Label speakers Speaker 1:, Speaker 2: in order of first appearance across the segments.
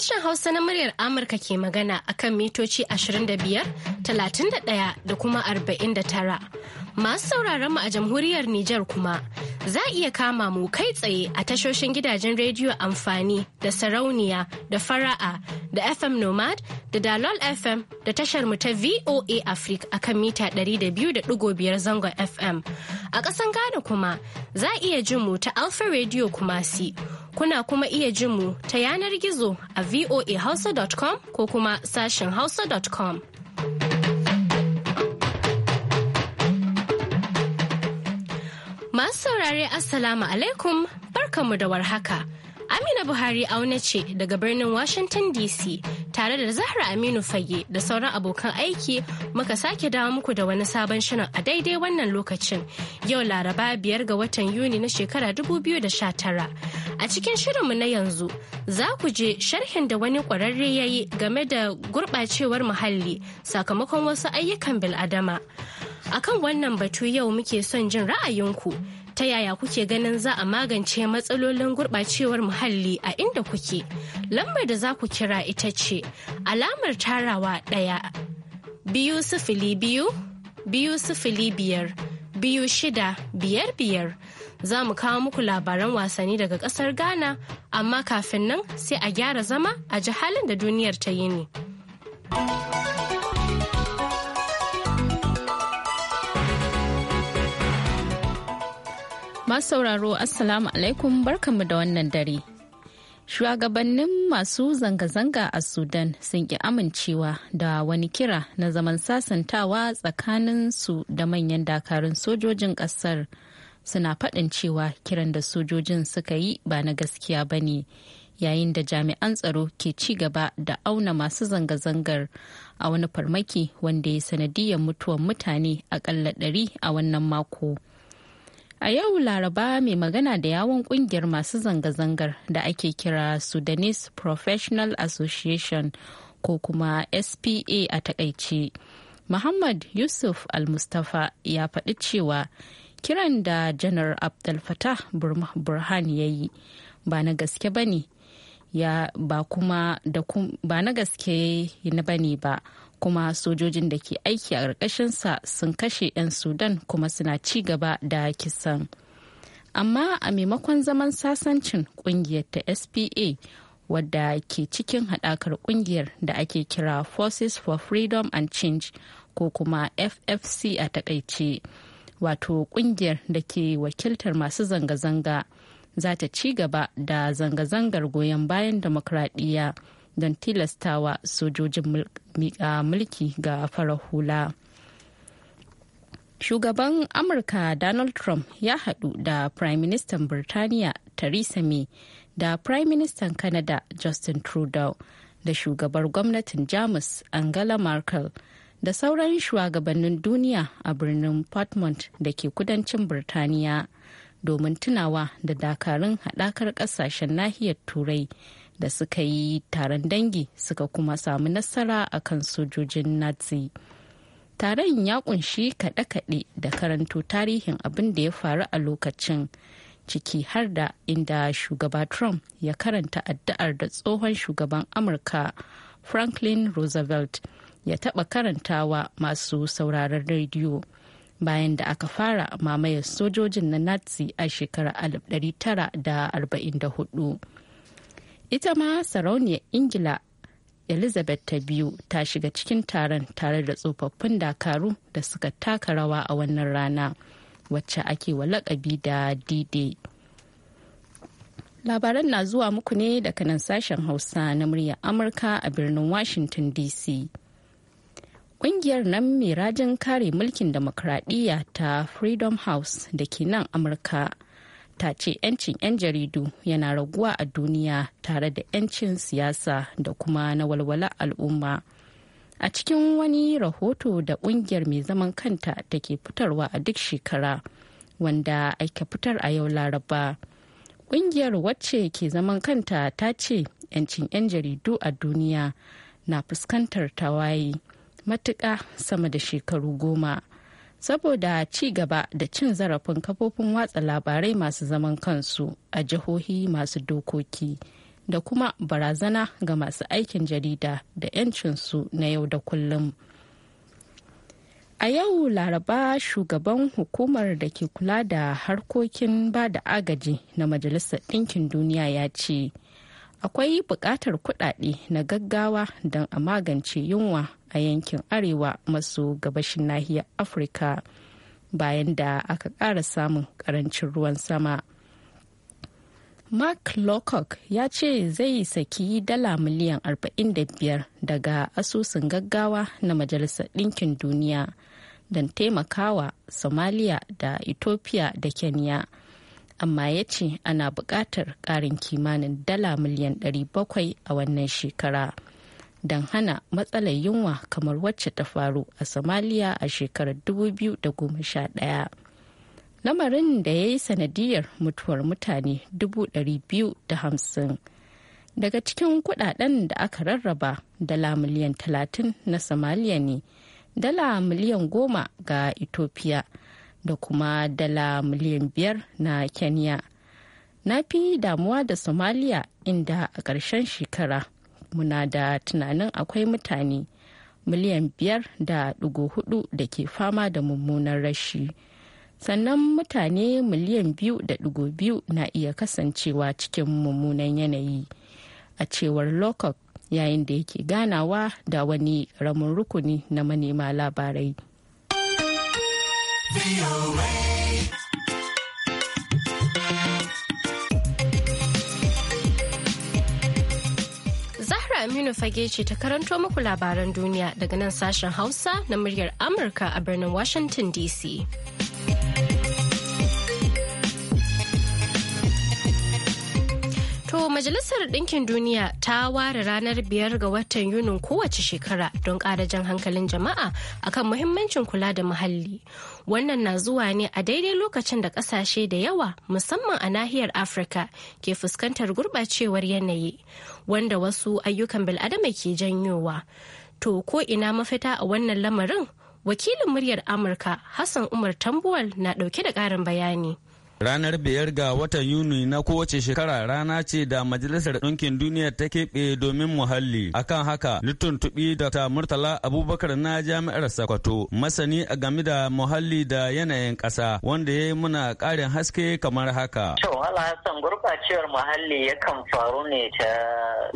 Speaker 1: Sashen Hausa na muryar Amurka ke magana akan mitoci 25, 31 da kuma 49. Masu sauraron mu a jamhuriyar Nijar kuma za a iya kama mu kai tsaye a tashoshin gidajen rediyo amfani da sarauniya da fara'a da FM Nomad da Dalol FM da tashar mu ta VOA Africa a kan mita 200.5 zangon FM. A ƙasan Ghana kuma za iya jin mu ta Alpha Radio Kumasi. Kuna kuma iya jin mu ta yanar gizo a voahausa.com ko kuma sashin hausa.com. Masu saurare Assalamu alaikum barkanmu da warhaka. Amina Buhari auna ce daga birnin Washington DC tare da Zahra Aminu Fage da sauran abokan aiki muka sake dawo muku da wani sabon shirin a daidai wannan lokacin yau laraba biyar ga watan Yuni na shekara 2019. A cikin shirinmu na yanzu za ku je sharhin da wani kwararre ya yi game da gurɓacewar muhalli sakamakon wasu ayyukan bil'adama. Akan wannan batu yau muke son jin ra'ayinku ta yaya kuke ganin za a magance matsalolin gurɓacewar muhalli a inda kuke. Lambar da za ku kira ita ce alamar tarawa ɗaya biyu sifili biyu biyu sifili biyar biyu shida biyar biyar. Za mu kawo muku labaran wasanni daga ƙasar Ghana amma kafin nan sai a gyara zama a ji halin da duniyar ta ne.
Speaker 2: Masu sauraro Assalamu alaikum barkanmu da wannan dare. Shugabannin masu zanga-zanga a Sudan sun ki amincewa da wani kira na zaman sasantawa tsakanin su da manyan dakarun sojojin ƙasar. Suna faɗin cewa kiran da sojojin suka yi ba na gaskiya ba ne, yayin da jami'an tsaro ke ci gaba da auna masu zanga-zangar a wani farmaki wanda ya sanadiyar mutuwan mutane aƙalla ɗari a wannan mako. A yau Laraba mai magana da yawon kungiyar masu zanga-zangar da ake kira Sudanese Professional Association ko kuma SPA a takaice. Muhammad Yusuf Al-Mustafa ya faɗi cewa kiran da janar Abdel Fattah Burhan ya yi ba na gaske ba ne. ba kuma da ba na gaske ba ne ba kuma sojojin da ke aiki a ƙarƙashinsa sun kashe 'yan sudan kuma suna ci gaba da kisan amma a maimakon zaman sasancin ƙungiyar ta spa wadda ke cikin haɗakar ƙungiyar da ake kira forces for freedom and change ko kuma ffc a takaice wato ƙungiyar da ke wakiltar masu zanga-zanga za ta ci gaba da zanga-zangar goyon bayan demokradiyya don tilastawa sojojin miƙa mulki ga farar hula. Shugaban Amurka Donald Trump ya haɗu da Prime Minister Birtaniya Theresa May da Prime Minister Canada Justin Trudeau da shugabar gwamnatin Jamus Angela Merkel da sauran shugabannin duniya a birnin Portmont da ke kudancin Birtaniya domin tunawa da dakarun haɗakar ƙasashen nahiyar Turai da suka yi taron dangi suka kuma samu nasara a kan sojojin nazi taron ya kunshi kaɗe-kaɗe da karanto tarihin abin da ya faru a lokacin ciki har da inda shugaba trump ya karanta addu'ar da tsohon shugaban amurka franklin roosevelt ya taɓa karantawa masu sauraron rediyo bayan da aka fara mamayar sojojin na nazi a shekarar 1944 ita ma sarauniyar ingila elizabeth ta biyu ta shiga cikin taron tare da tsofaffin dakaru da suka taka rawa a wannan rana wacce ake wa lakabi da d labaran na zuwa muku ne daga nan sashen hausa na muryar amurka a birnin washington dc kungiyar nan mai rajin kare mulkin demokradiyya ta freedom house da ke nan amurka ta ce 'yancin 'yan jaridu yana raguwa a duniya tare da 'yancin siyasa da kuma na walwala al'umma a cikin wani rahoto da ƙungiyar mai zaman kanta da ke fitarwa a duk shekara wanda aika fitar a yau laraba ƙungiyar wacce ke zaman kanta ta ce 'yancin 'yan jaridu a duniya na fuskantar tawaye matuƙa sama da shekaru goma saboda ci gaba da cin zarafin kafofin watsa labarai masu zaman kansu a jihohi masu dokoki da kuma barazana ga masu aikin jarida da 'yancinsu na yau da kullum. A yau Laraba shugaban hukumar da ke kula da harkokin ba da agaji na Majalisar Ɗinkin Duniya ya ce, akwai buƙatar kuɗaɗe na gaggawa don a magance yunwa a yankin arewa maso gabashin nahiyar afirka bayan da aka ƙara samun ƙarancin ruwan sama mark lockock ya ce zai saki dala miliyan 45 daga asusun gaggawa na majalisar ɗinkin duniya don taimakawa somalia da ethiopia da kenya amma ya ce ana buƙatar ƙarin kimanin dala miliyan 700 a wannan shekara don hana matsalar yunwa kamar wacce ta faru a somalia a shekarar 2011 lamarin da ya yi sanadiyar mutuwar mutane 250 daga cikin kudaden da aka rarraba dala miliyan 30 na somalia ne dala miliyan 10 ga ethiopia da kuma dala miliyan biyar na kenya na fi damuwa da somalia inda a ƙarshen shekara muna da tunanin akwai mutane miliyan biyar da ɗigo hudu da ke fama da mummunan rashi sannan mutane miliyan biyu da ɗigo biyu na iya kasancewa cikin mummunan yanayi a cewar lokok yayin da yake ganawa da wani ramin rukuni na manema labarai
Speaker 1: Zahra Aminu fage ce ta karanto muku labaran duniya daga nan sashen Hausa na muryar Amurka a birnin Washington DC. Majalisar Ɗinkin Duniya ta ware ranar biyar ga watan Yunin kowace shekara don ƙara jan hankalin jama'a akan muhimmancin kula da muhalli. Wannan na zuwa ne a daidai lokacin da ƙasashe da yawa musamman a nahiyar Afirka ke fuskantar gurɓacewar yanayi wanda wasu ayyukan bil'adama ke janyowa. To ko ina mafita a wannan lamarin? Wakilin muryar Amurka Hassan Umar Tambuwal na ɗauke da ƙarin bayani.
Speaker 3: Ranar biyar ga watan Yuni na kowace shekara rana ce da Majalisar Ɗinkin Duniya ta keɓe domin muhalli. Akan haka, Litton da Dr. Murtala Abubakar na Jami'ar Sokoto, masani a game da muhalli da yanayin ƙasa, wanda ya yi muna ƙarin haske kamar haka.
Speaker 4: To, Hassan gurɓacewar muhalli yakan faru ne ta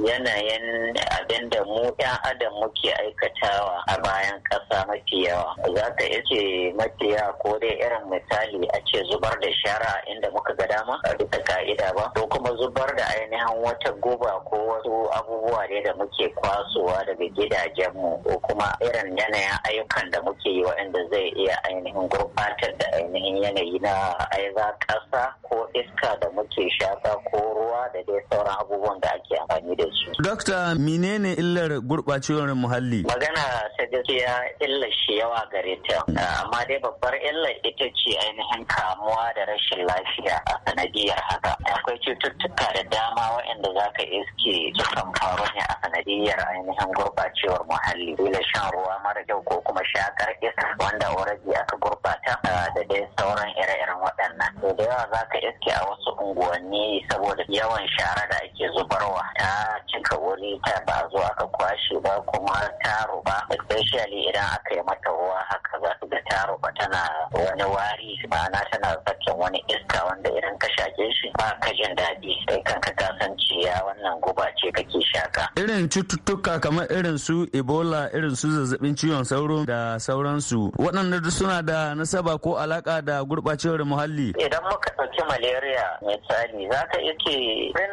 Speaker 4: yanayin abin mu 'yan adam muke aikatawa a bayan ƙasa mafi yawa. Za ka iya ce mafi yawa ko dai irin misali a ce zubar da shara inda muka ga dama a bisa ka'ida ba ko kuma zubar da ainihin wata guba ko wasu abubuwa ne da muke kwasowa daga gidajenmu ko kuma irin yanayin ayyukan da muke yi wainda zai iya ainihin gurbatar da ainihin yanayi na aiza ƙasa ko iska da muke shafa ko ruwa da dai sauran abubuwan da ake amfani da su.
Speaker 3: Dokta menene illar gurɓacewar muhalli?
Speaker 4: Magana ta gaskiya illar shi yawa gare ta amma dai babbar illar ita ce ainihin kamuwa da rashin lafiya a sanadiyar haka akwai cututtuka da dama waɗanda za ka iske sukan faru ne a sanadiyar ainihin gurbacewar muhalli dole shan ruwa mara kyau ko kuma shakar iska wanda already aka gurbata da dai sauran ire-iren waɗannan to da yawa za ka iske a wasu unguwanni saboda yawan shara da ake zubarwa ta cika wuri ta ba zo aka kwashe ba kuma ta ruba especially idan aka yi mata ruwa haka za su ga ta ruba tana wani wari ma'ana tana sakin wani iska wanda idan ka shake shi ba ka jin daɗi Sai kanka ka san ya
Speaker 3: wannan guba ce kake shaƙa. Irin cututtuka kamar irin su Ebola irin su zazzabin ciwon sauro da sauransu waɗanda duk suna da nasaba ko alaƙa da gurɓacewar muhalli. Idan muka ɗauki malaria misali za ka iya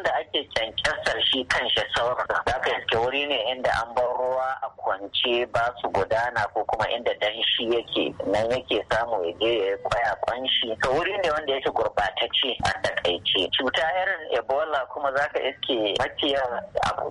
Speaker 3: da ake
Speaker 4: kyankyasar shi kan shi sauran za ka iske wuri ne inda an bar Wa a kwance ba su gudana ko kuma inda danshi yake nan yake samu ya je ya kwaya kwanshi to wuri ne wanda yake gurbatacce a takaice cuta irin ebola kuma za ka iske mafiya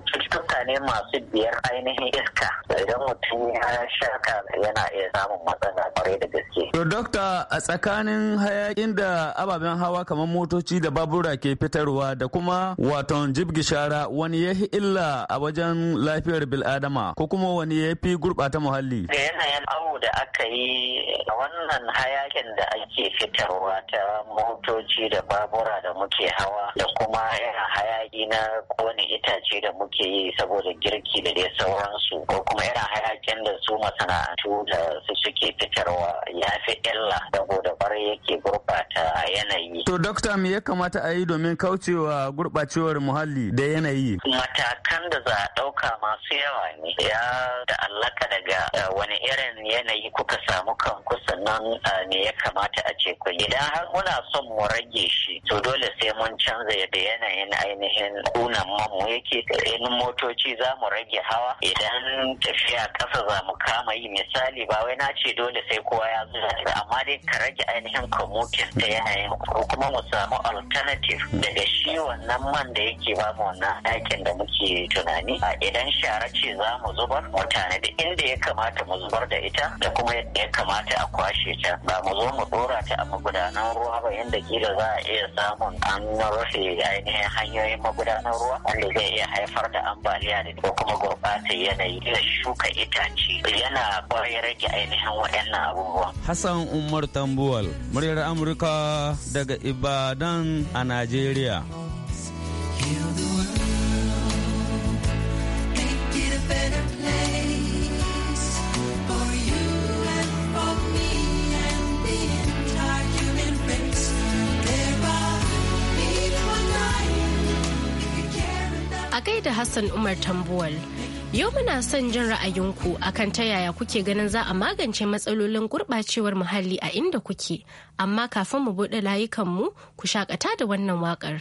Speaker 4: cututtuka ne masu biyar ainihin iska idan mutum ya shaka yana iya samun matsala kwarai da
Speaker 3: gaske. to dokta a tsakanin hayakin da ababen hawa kamar motoci da babura ke fitarwa da kuma waton jibgishara wani ya illa a wajen lafiyar bil'adama ko kuma wani ya fi gurɓata muhalli? Da yanayin
Speaker 4: abu da aka yi a wannan hayakin da ake fitarwa ta motoci da babura da muke hawa da kuma yana hayaki na kone itace da muke yi saboda girki da dai sauransu ko kuma yana hayakin da su masana'antu da su suke fitarwa ya fi illa saboda bar yake gurɓata yanayi. To
Speaker 3: dokta me ya kamata a yi domin kaucewa gurɓacewar muhalli da yanayi?
Speaker 4: Matakan da za a ɗauka masu yawa ne ya ta'allaka daga eh, wani irin yanayi kuka samu kanku sannan ne eh, ya kamata a ce ku idan har muna son mu rage shi to dole sai mun canza yadda yanayin ainihin kunan mu yake in motoci za mu rage hawa idan tafiya ƙasa za mu kama yi misali ba wai na ce dole sai kowa ya zo. amma dai ka rage ainihin commuting ta, yanayin ko kuma mu samu alternative daga shi wannan man da yake ba mu wannan aikin da muke tunani idan shara ce za mu mu zubar mu da inda ya kamata mu zubar da ita da kuma yadda ya kamata a kwashe ta ba mu zo mu dora ta a magudanan ruwa ba yadda kila za a iya samun an rufe ainihin hanyoyin magudanan ruwa wanda zai iya haifar da ambaliya da ko kuma gurɓata yanayi da shuka itace yana kwarai rage ainihin waɗannan abubuwa.
Speaker 3: Hassan Umar Tambuwal, muryar Amurka daga Ibadan a Najeriya.
Speaker 1: da Hassan Umar Tambuwal. Yau muna son jin ra'ayinku akan ta yaya kuke ganin za a magance matsalolin gurɓacewar muhalli a inda kuke, amma kafin mu buɗe layukanmu ku shakata da wannan waƙar.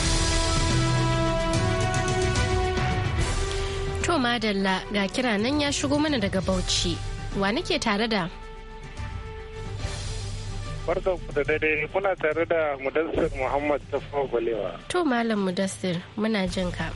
Speaker 1: To madalla ga kira nan ya shigo mana daga Bauchi. Wa nake tare da?
Speaker 5: Barka ku da dare kuna tare da Mudassir Muhammad Tafawa Gwalewa.
Speaker 1: To Malam Mudassir muna jin ka.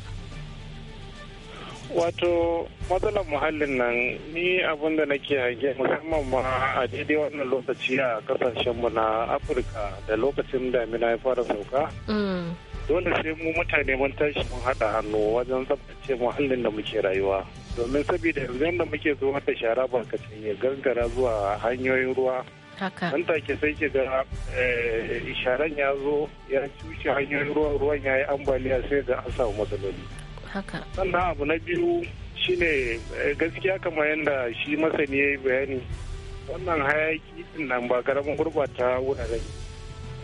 Speaker 5: Wato matsalar muhallin nan ni abin da nake hage musamman ma a daidai wannan lokaci a kasashen kasashenmu na Afirka da lokacin damina ya fara sauka. Mm. dole sai mu mutane mun tashi mun haɗa hannu wajen tsabtace muhallin da muke rayuwa domin saboda yanzu da muke zuwa da shara barkatun ya gangara zuwa hanyoyin ruwa an take sai ke ga isharen eh, ya zo ya cushe hanyoyin ruwan ruwan ya yi ambaliya sai ga an samu matsaloli sannan abu na biyu shine eh, gaskiya kamar yadda shi masani ya yi bayani wannan hayaki nan ba karamin gurbata wuraren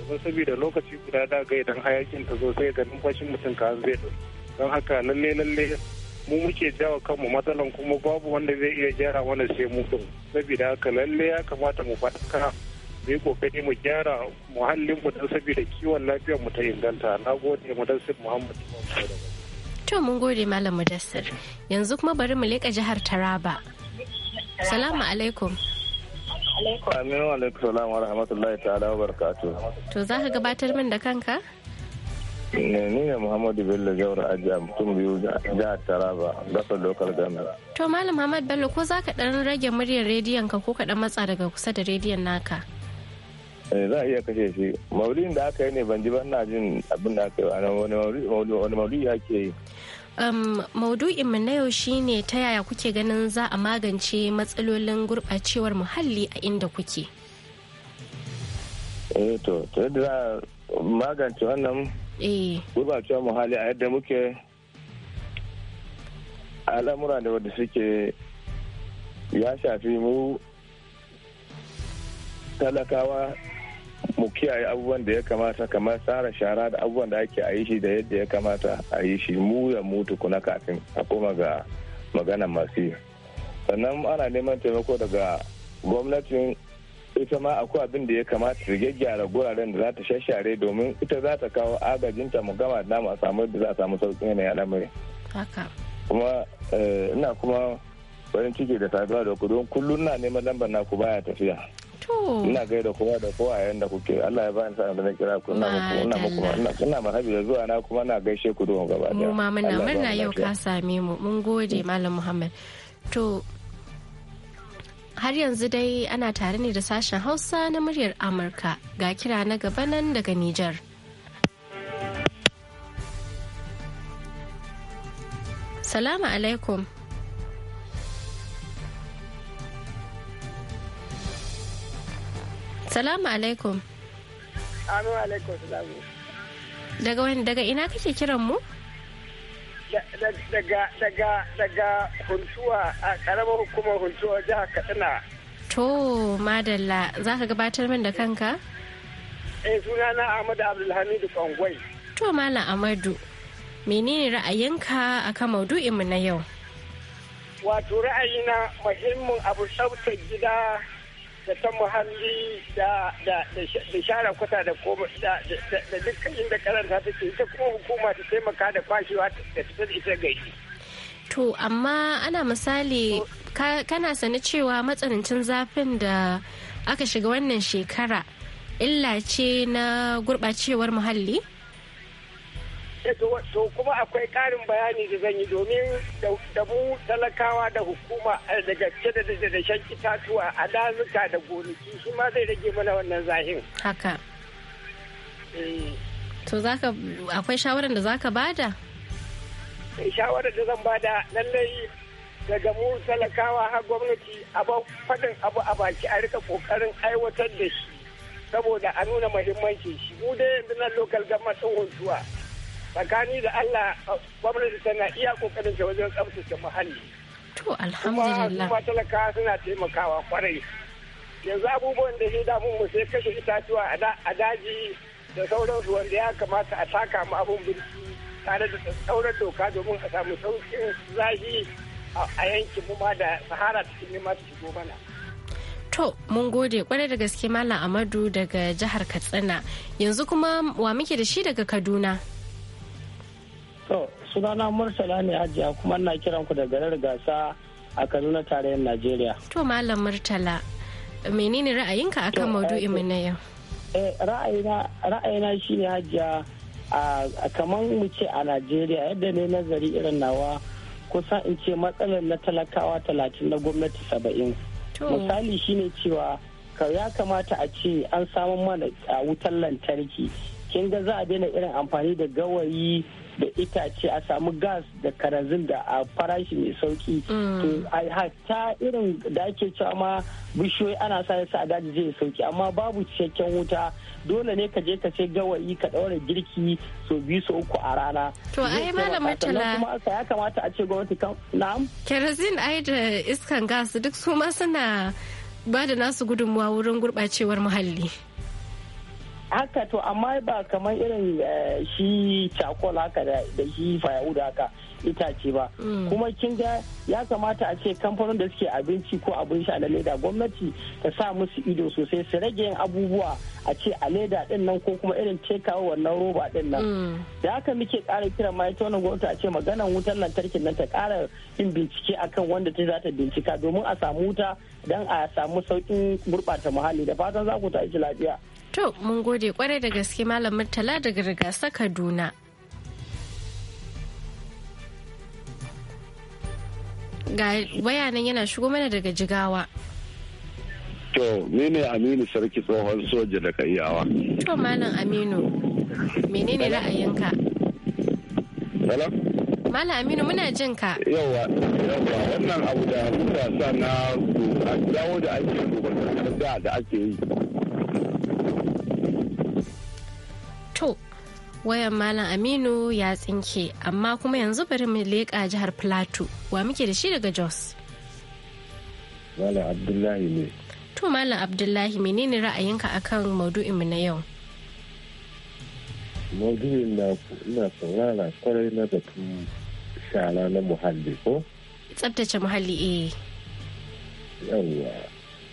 Speaker 5: kuma saboda lokaci guda da ga idan hayakin ta zo sai ga numfashin mutum ka zai ɗau don haka lalle lalle mu muke jawo kanmu matsalan kuma babu wanda zai iya gyara mana sai mu ɗin saboda haka lalle ya kamata mu faɗaka mu yi kokari mu gyara muhallinmu don saboda kiwon lafiyar mu ta inganta na gode mudassir muhammad
Speaker 1: to mun gode malam mudassir yanzu kuma bari mu leƙa jihar taraba salamu alaikum
Speaker 6: alaikum. Amin wa alaikum salam wa rahmatullahi ta'ala wa barakatu.
Speaker 1: To za ka gabatar min da kanka?
Speaker 6: Ne eh, ni ne Muhammadu Bello Jawar Ajiya mutum biyu jihar Taraba gasar lokal gana.
Speaker 1: To Malam Muhammad Bello ko za ka ɗan rage muryar rediyon ka ko ka ɗan matsa daga kusa da rediyon naka?
Speaker 6: Eh, za a iya kashe shi maulidin da aka yi ne ban ji ban na jin abin da aka yi wani maulidi ake yi
Speaker 1: Um, Maudu'inmu na yau ne ta yaya kuke ganin za a magance matsalolin gurɓacewar muhalli a inda kuke.
Speaker 6: Eh to, ta yadda za a magance wannan eh. gurɓacewar muhalli a yadda muke al'amura da wadda suke ya shafi mu talakawa mu kiyaye abubuwan da ya kamata kamar tsara shara da abubuwan da ake a yi shi da yadda ya kamata a yi shi mu ya mutu kuna kafin a koma ga magana masu yi sannan ana neman taimako daga gwamnatin ita ma akwai abin da ya kamata ta gyaggyara guraren da za ta shashare domin ita za ta kawo agajinta mu gama da a samu da za a samu sauƙin a al'amari. kuma eh, ina kuma farin ciki da saduwa da ku kullum na neman lambar naku baya tafiya.
Speaker 4: To. Ina
Speaker 6: gaida kowa da kowa yayin da kuke. Allah ya bani sa'a da na kira ku. Ina muku ina muku ina marhabi da zuwa na kuma na gaishe ku duhun gaba Mu ma muna murna yau ka
Speaker 1: same mu. Mun gode mm. Malam Muhammad. To har yanzu dai ana tare ne da sashen Hausa na muryar Amurka. Ga kira na gaba nan daga niger Salamu alaikum. salamu alaikum
Speaker 7: amin alaikum salamu
Speaker 1: daga wani daga ina kake kiran mu
Speaker 7: daga daga daga huntuwa a karamar hukumar huntuwa jihar katsina
Speaker 1: to madalla za ka gabatar min da kanka
Speaker 7: eh suna na ahmadu abdulhamidu kwangwai
Speaker 1: to malam amadu menene ra'ayinka akan maudu'inmu na yau
Speaker 7: wato ra'ayina muhimmin abu tsaftar gida da ta muhalli da share kwata da dukkan inda karanta take ita kuma hukuma ta taimaka da kwashewa da ta ita gari.
Speaker 1: To amma ana misali kana sani cewa matsanancin zafin da aka shiga wannan shekara illa ce na gurɓacewar muhalli?
Speaker 7: to kuma akwai ƙarin bayani da zan yi domin da mu talakawa da hukuma eh, da gaske da da itatuwa a dazuka da gonaki shi ma zai rage mana wannan zahin. Haka. Eh.
Speaker 1: To zaka akwai shawarar da zaka bada?
Speaker 7: Eh, shawarar da zan bada lallai daga mu talakawa har gwamnati a faɗin abu a baki a rika ƙoƙarin aiwatar da shi saboda a nuna muhimmanci shi mu dai yanzu nan lokal government sun huntuwa. tsakani da Allah gwamnati tana iya kokarin ta wajen tsabtace muhalli.
Speaker 2: To alhamdulillah. Kuma
Speaker 7: talaka suna taimakawa kwarai. Yanzu abubuwan da ya damu mu sai kashe itatuwa a daji da sauransu wanda ya kamata a taka mu abun birki tare da sauran doka domin a samu saukin zafi a yankin mu ma da sahara cikin su shigo mana.
Speaker 1: To, mun gode kwarai da gaske Malam ahmadu daga jihar Katsina. Yanzu kuma wa muke da shi daga Kaduna?
Speaker 7: To,
Speaker 8: sunana Murtala ne hajiya kuma ina kiran ku da garar gasa a Kaduna tarayyar Najeriya.
Speaker 1: To, Malam Murtala, menene ra'ayinka akan maudu'in mu eh, na yau? Eh,
Speaker 8: ra'ayina shine hajiya a kaman mu ce a Najeriya yadda ne nazari irin nawa kusan in ce matsalar na talakawa talatin na gwamnati saba'in. Misali shine cewa ya kamata a ce an samu mana wutar lantarki. Kin ga za a daina irin amfani da gawayi da itace a samu gas da karazin da a farashi mai sauki to mm. hatta irin da ake cewa ma bishiyoyi ana sa su a daji zai sauki amma babu cikakken wuta dole ne ka je ka sai gawayi ka daura girki so biyu so uku a rana to ai malam mutala kuma ya kamata a ce gwamnati kan na'am
Speaker 1: kerosene ai da iskan gas duk su ma suna ba da nasu gudunmuwa wurin gurɓacewar muhalli
Speaker 8: haka to amma ba kamar irin eh, shi cakol haka da shi fayawuda haka itace ba mm. kuma kin ga ya kamata a ce kamfanin da suke abinci ko abin sha na leda gwamnati ta sa musu ido sosai su rage yin abubuwa a ce a leda din nan ko kuma irin tekawa wannan roba din nan mm. da haka muke kara kiran ma ita wannan gwamnati a ce maganan wutar lantarkin nan ta kara yin bincike akan wanda ta za ta bincika domin a samu wuta dan a samu saukin gurɓata muhalli da fatan za ku tashi lafiya
Speaker 1: To, mun gode kwarai da gaske Malam Murtala daga Rigasa Kaduna. Ga bayanan yana shigo mana daga Jigawa.
Speaker 5: To, ni ne Aminu Sarki tsohon soja daga Iyawa.
Speaker 1: To, Malam Aminu, menene ra'ayinka? Hello? Malam Aminu muna jin ka.
Speaker 9: Yawa, yawa, wannan abu da sa na a dawo da ake da ake yi.
Speaker 1: to wayan malam aminu ya tsinke amma kuma yanzu bari mu leƙa jihar plateau wa muke da shi daga jos
Speaker 9: malam abdullahi ne
Speaker 1: to malam abdullahi menene ra'ayinka akan maudu'in mu na yau
Speaker 9: maudu'in na ina saurara kwarai na batun shara na muhalli ko
Speaker 1: tsabtace muhalli eh
Speaker 9: yawwa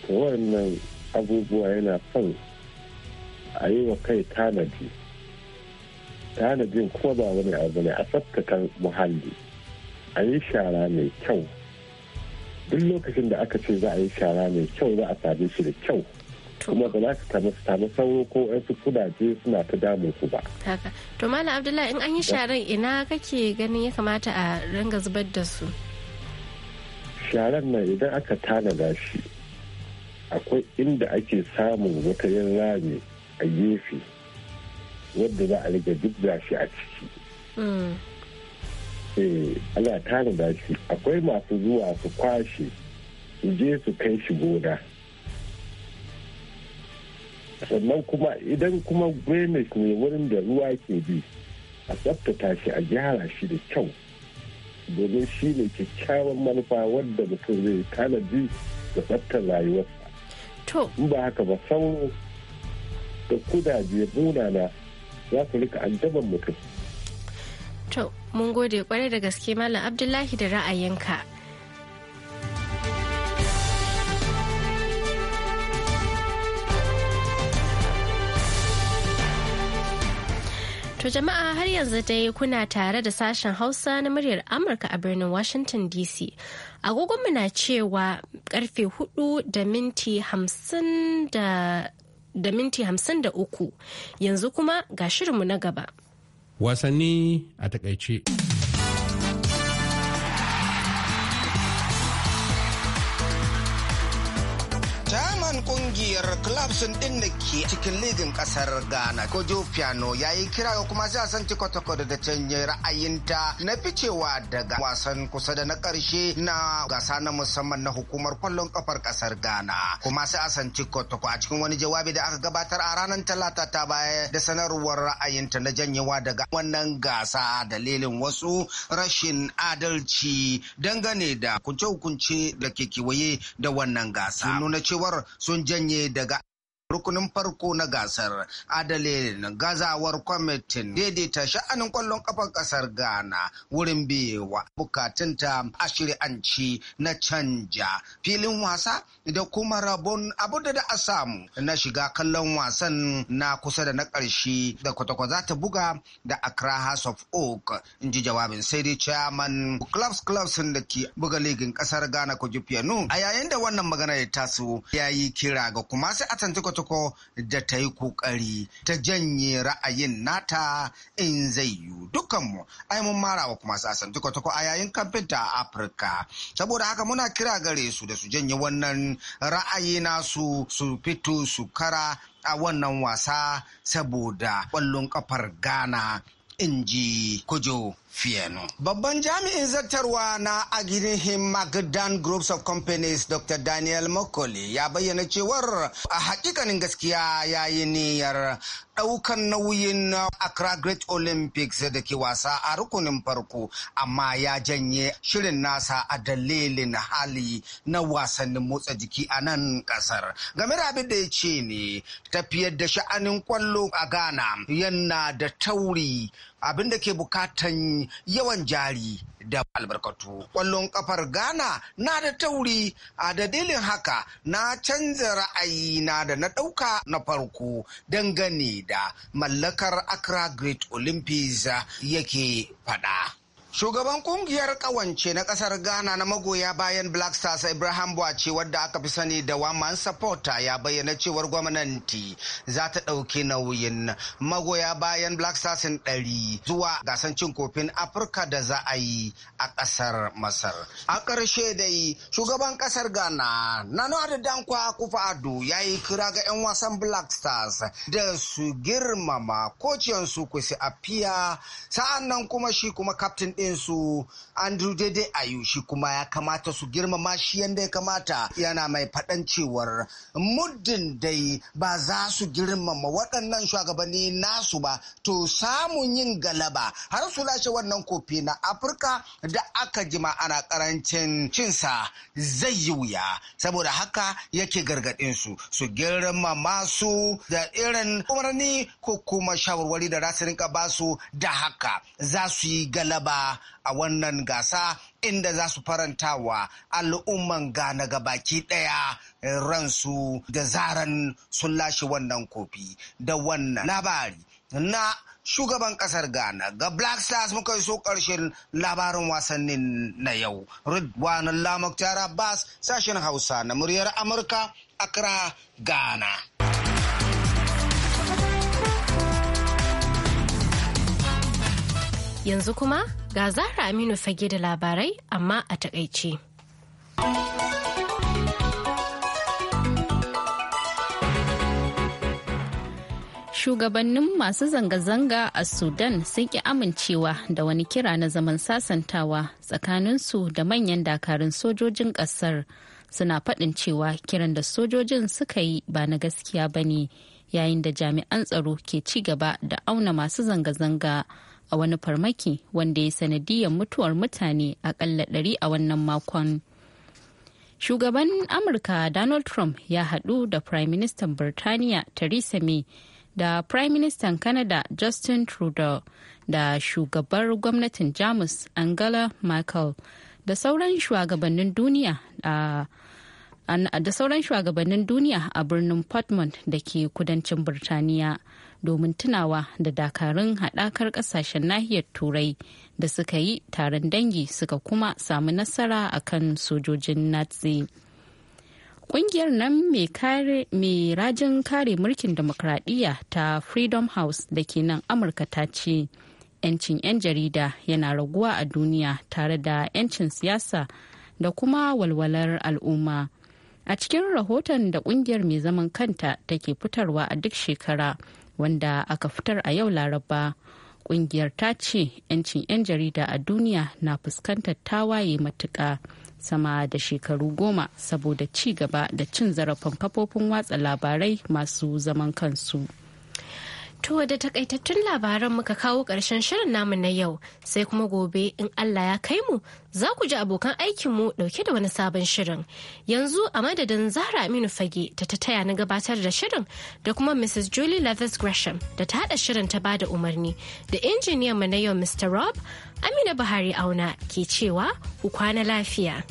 Speaker 9: to wannan abubuwa yana son a yi wa kai tanadi tanadin ko ba wani abu ne a tsaftace muhalli a yi shara mai kyau duk lokacin da aka ce za a yi shara mai kyau za a sabi shi da kyau kuma ba za ka samu sauro ko wasu kudaje suna ta damun ku ba.
Speaker 1: Haka. To Malam Abdullahi in an yi sharan ina kake ganin ya kamata a ringa zubar da su?
Speaker 9: Sharan nan idan aka tanada shi akwai inda ake samun wata yin rami a gefe. wadda za a rage duk gashi a ciki hmm. eh, ana tara shi akwai masu zuwa su kwashe su je su kai shi gona sannan kuma idan kuma Greenwich ne wurin da ruwa ke bi a tsabtata shi a gyara shi da kyau domin shi ne kyakkyawan manufa wadda mutum zai tanadi da tsabtar rayuwarsa in ba haka ba sauro da kudaje munana za su rika addaban mutum.
Speaker 1: To, mun gode kwarai da gaske Malam Abdullahi da ra'ayinka. To jama'a har yanzu dai kuna tare da sashen Hausa na muryar Amurka a birnin Washington DC. Agogonmu na cewa karfe hudu da minti hamsin da da minti hamsin da uku yanzu kuma ga shirinmu na gaba
Speaker 9: wasanni a takaice
Speaker 10: kungiyar clubs din da ke cikin ligin kasar Ghana Kojo Piano ya yi kira ga kuma za san kwatako da canje ra'ayinta na ficewa daga wasan kusa da na karshe na gasa na musamman na hukumar kwallon kafar kasar Ghana kuma sai asan kwatako a cikin wani jawabi da aka gabatar a ranar talata ta baya da sanarwar ra'ayinta na janyewa daga wannan gasa dalilin wasu rashin adalci dangane da kunce-kunce da ke kewaye da wannan gasa. Sun nuna cewar sun janye ne daga rukunin farko na gasar adalin gazawar kwamitin daidaita sha'anin kwallon kafar kasar ghana wurin biyewa bukatunta a shiri'anci na canja filin wasa da kuma rabon abu da da a samu na shiga kallon wasan na kusa da na ƙarshe da kwatakwa za ta buga da Accra House of Oak in ji jawabin sai dai chairman clubs clubs da ke buga ligin ƙasar Ghana ko Piano a yayin da wannan magana ya taso ya yi kira ga kuma sai a Atanti kwatakwa da ta yi kokari ta janye ra'ayin nata in zai yiwu dukkanmu ai mun mara wa kuma sai Atanti kwatakwa a yayin kamfinta ta Afirka saboda haka muna kira gare su da su janye wannan ra'ayi nasu su fito su kara a wannan wasa saboda ƙwallon ƙafar ghana in ji kujo Fiano. Babban jami'in zartarwa na Agirihim Magadan Groups of Companies Dr. Daniel Mokoli ya bayyana cewar a hakikanin gaskiya ya yi niyyar daukan nauyin Accra Great Olympics da ke wasa a rukunin farko amma ya janye shirin nasa a dalilin hali na wasannin motsa jiki a nan kasar. Game da abin da ya ce ne tafiyar da sha'anin kwallo a Ghana yana da tauri abin da ke bukatan yawan jari da albarkatu. Ƙwallon kafar Ghana na da tauri a dalilin haka na canza ra'ayi na da na ɗauka na farko dangane da mallakar Accra Great Olympics yake faɗa. Shugaban kungiyar kawance na kasar Ghana na magoya bayan Black Stars Ibrahim Bwace wadda aka fi sani da one man Supporter ya bayyana cewar gwamnati za ta ɗauki nauyin magoya bayan Black Stars ɗari zuwa gasan cin kofin Afirka da za a yi a kasar Masar. A ƙarshe dai shugaban kasar Ghana Nanu Adedankwa Kufa Ado ya yi kira ga 'yan wasan Black Stars da su girmama kociyansu Kwesi Apia sa'an nan kuma shi kuma kaftin ɗinsu Andrew Dede ayushi kuma ya kamata su girmama shi yadda ya kamata yana mai faɗan cewar muddin dai ba za su girmama waɗannan shugabanni nasu ba to samun yin galaba har su lashe wannan kofi na Afirka da aka jima ana karancin cinsa zai yi wuya saboda haka yake gargaɗin su girmama su da irin umarni ko kuma shawarwari da za su basu da haka za su yi galaba a wannan gasa inda za su wa al'umman ga baki ɗaya ransu da zaran sun lashe wannan kofi da wannan labari na shugaban kasar Ghana ga Black Stars muka yi so ƙarshen labarin wasannin na yau. Ridwan tara bas sashen Hausa na muryar Amurka akra Ghana. Yanzu kuma Ga Zahra
Speaker 1: Aminu fage da labarai amma a takaice.
Speaker 2: shugabannin masu zanga-zanga a sudan sun ki amincewa da wani kira na zaman sasantawa tsakaninsu da manyan dakarun sojojin kasar suna faɗin cewa kiran da sojojin suka yi ba na gaskiya ba ne yayin da jami'an tsaro ke ci gaba da auna masu zanga-zanga a wani farmaki wanda ya sanadiyar mutuwar mutane akalla ɗari a wannan makon. Shugaban Amurka Donald Trump ya haɗu da Prime Minister Birtaniya Theresa May da Prime Minister Canada Justin Trudeau da shugabar gwamnatin Jamus Angela Merkel da sauran shugabannin duniya a da sauran shugabannin duniya a birnin Portmont da ke kudancin Birtaniya. domin tunawa da dakarun haɗakar ƙasashen nahiyar turai da suka yi taron dangi suka kuma samu nasara a kan sojojin nazi ƙungiyar nan mai rajin kare mulkin demokradiyya ta freedom house da ke nan amurka ta ce 'yancin 'yan jarida yana raguwa a duniya tare da 'yancin siyasa da kuma walwalar al'umma a cikin rahoton da ƙungiyar mai zaman kanta take fitarwa a duk shekara wanda aka fitar a yau laraba kungiyar ta ce 'yancin 'yan jarida a duniya na fuskantar tawaye matuƙa sama da shekaru goma saboda ci gaba da cin zarafin kafofin watsa labarai masu zaman kansu.
Speaker 1: To da takaitattun labaran muka kawo ƙarshen shirin namu na yau sai kuma gobe in Allah ya kai mu za ku ji abokan aikinmu ɗauke da wani sabon shirin. Yanzu a madadin Zahra Aminu Fage ta ta taya na gabatar da shirin da kuma Mrs. Julie Leathers Gresham da ta haɗa shirin ta bada umarni da injiniyan mu na yau Mr. Rob Amina Buhari Auna ke cewa ku kwana lafiya.